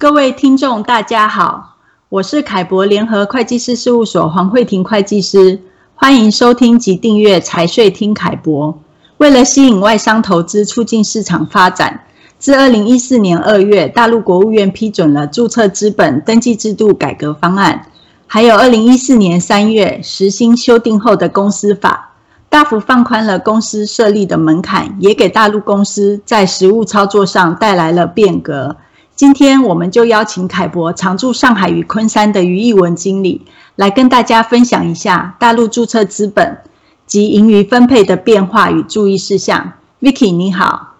各位聽眾，大家好，我是凱博聯合會計師事務所黃慧婷會計師，歡迎收聽及訂閱財稅聽凱博。為了吸引外商投資，促進市場發展，自二零一四年二月，大陸國務院批准了注冊資本登記制度改革方案，還有二零一四年三月實行修訂後的公司法，大幅放寬了公司設立的門檻，也給大陸公司在實務操作上帶來了變革。今天我們就邀請凱博常駐上海與昆山的於義文經理來跟大家分享一下大陸注冊資本及盈餘分配的變化與注意事項。Vicky 你好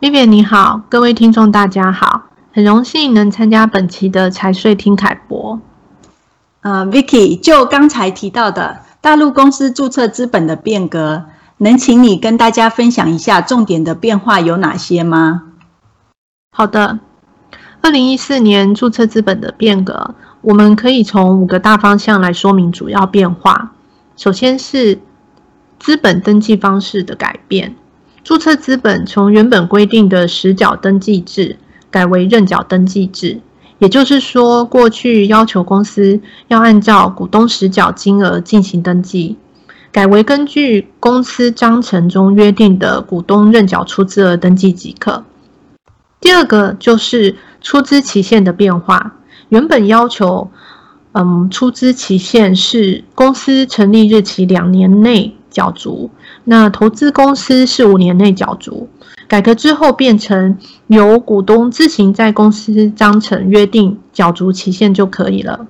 ，Vivian 你好，各位聽眾大家好，很榮幸能參加本期的財稅聽凱博。呃、uh，Vicky 就剛才提到的大陸公司注冊資本的變革，能請你跟大家分享一下重點的變化有哪些嗎？好的，二零一四年註冊資本的變革，我們可以從五個大方向來說明主要變化。首先是資本登記方式的改變，註冊資本從原本規定的實繳登記制改為認繳登記制，也就是說，過去要求公司要按照股東實繳金額進行登記，改為根據公司章程中約定的股東認繳出資額登記即可。第二個就是出資期限的變化，原本要求，嗯，出資期限是公司成立日期兩年內繳足，那投資公司是五年內繳足，改革之後變成由股東自行在公司章程約定繳足期限就可以了。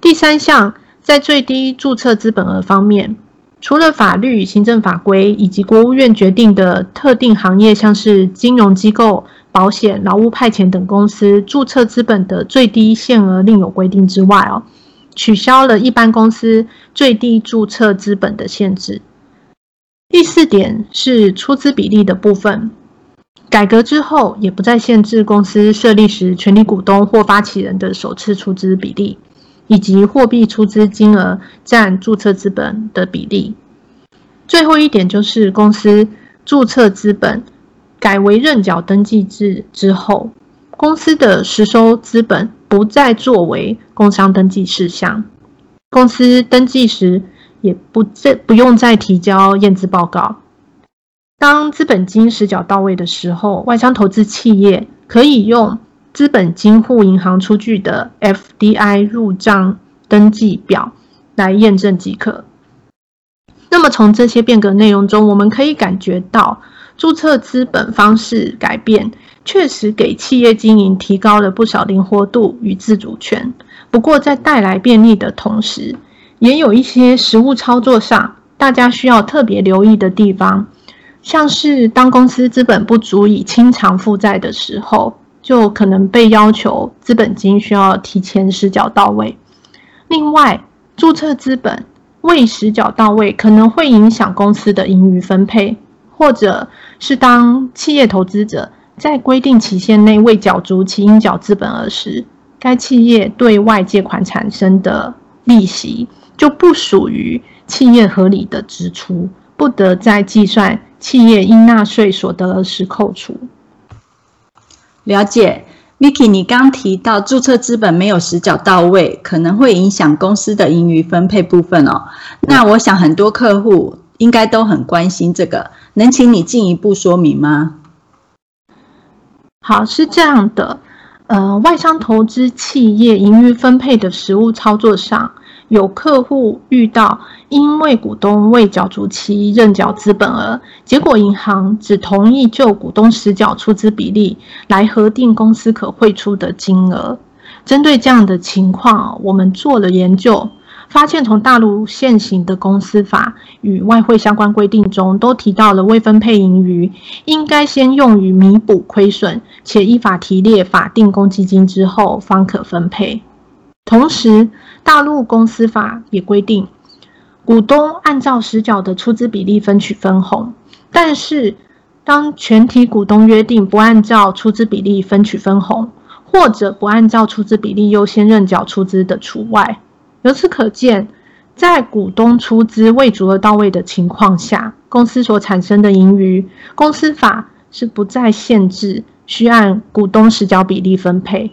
第三項，在最低註冊資本額方面，除了法律、行政法規以及國務院決定的特定行業，像是金融機構。保險、勞務派遣等公司註冊資本的最低限額另有規定之外哦，取消了一般公司最低註冊資本的限制。第四點是出資比例的部分，改革之後也不再限制公司設立時全體股東或發起人的首次出資比例，以及貨幣出資金額佔註冊資本的比例。最後一點就是公司註冊資本。改為認繳登記制之後，公司的實收資本不再作為工商登記事項，公司登記時也不再不用再提交驗資報告。當資本金實繳到位的時候，外商投資企業可以用資本金戶銀行出具的 FDI 入賬登記表來驗證即可。那麼從這些變革內容中，我們可以感覺到。註冊資本方式改變，確實給企業經營提高了不少靈活度與自主權。不過，在帶來便利的同時，也有一些實務操作上大家需要特別留意的地方，像是當公司資本不足以清償負債的時候，就可能被要求資本金需要提前實繳到位。另外，註冊資本未實繳到位，可能會影響公司的盈餘分配。或者是當企業投資者在規定期限內未繳足其應繳資本額時，該企業對外借款產生的利息就不屬於企業合理的支出，不得在計算企業應納稅所得額時扣除。了解，Miki，你剛剛提到注冊資本沒有實繳到位，可能會影響公司的盈餘分配部分哦。那我想很多客戶應該都很關心這個。能請你進一步說明嗎？好，是這樣的，呃，外商投資企業盈餘分配的實務操作上，有客戶遇到因為股東未繳足期認繳資本額，結果銀行只同意就股東實繳出資比例來核定公司可匯出的金額。針對這樣的情況，我們做了研究。發現從大陸現行的公司法與外匯相關規定中，都提到了未分配盈餘應該先用於彌補虧損，且依法提列法定公積金之後方可分配。同時，大陸公司法也規定，股東按照實繳的出資比例分取分紅，但是當全體股東約定不按照出資比例分取分紅，或者不按照出資比例優先認繳出資的除外。由此可見，在股東出資未足額到位的情況下，公司所產生的盈餘，公司法是不再限制需按股東實繳比例分配。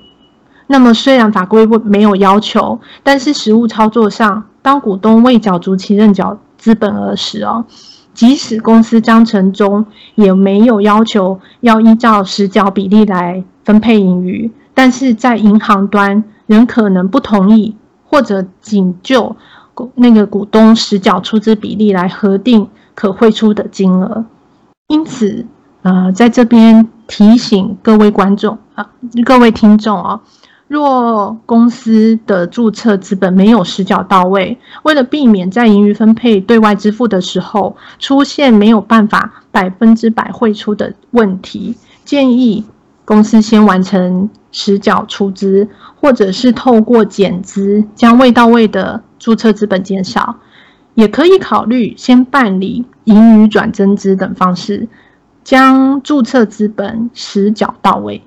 那麼，雖然法規沒有要求，但是實務操作上，當股東未繳足其認繳資本額時，哦，即使公司章程中也沒有要求要依照實繳比例來分配盈餘，但是在銀行端仍可能不同意。或者僅就股，那個股東實繳出資比例來核定可匯出的金額，因此，呃，在這邊提醒各位觀眾啊，各位聽眾啊哦，若公司的註冊資本沒有實繳到位，為了避免在盈餘分配對外支付的時候出現沒有辦法百分之百匯出的問題，建議。公司先完成實繳出資，或者是透過減資，將未到位的註冊資本減少，也可以考慮先辦理盈餘轉增資等方式，將註冊資本實繳到位。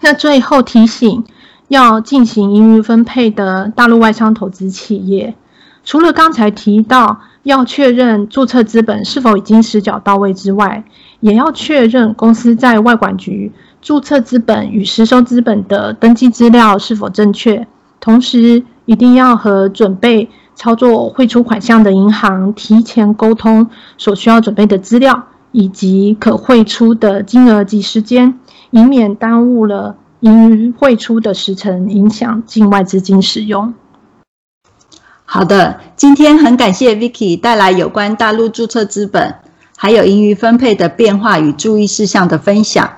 那最後提醒，要進行盈餘分配的大陸外商投資企業，除了剛才提到，要確認註冊資本是否已經實繳到位之外，也要確認公司在外管局註冊資本與實收資本的登記資料是否正確。同時，一定要和準備操作匯出款項的銀行提前溝通所需要準備的資料以及可匯出的金額及時間，以免耽誤了盈餘匯出的時程，影響境外資金使用。好的，今天很感謝 Vicky 帶來有關大陸注冊資本還有盈餘分配的變化與注意事項的分享。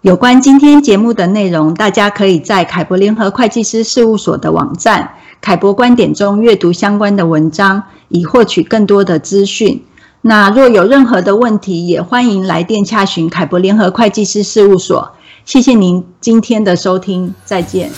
有關今天節目的內容，大家可以在凱博聯合會計師事務所的網站“凱博觀點”中閱讀相關的文章，以獲取更多的資訊。那若有任何的問題，也歡迎來電洽詢凱博聯合會計師事務所。謝謝您今天的收聽，再見。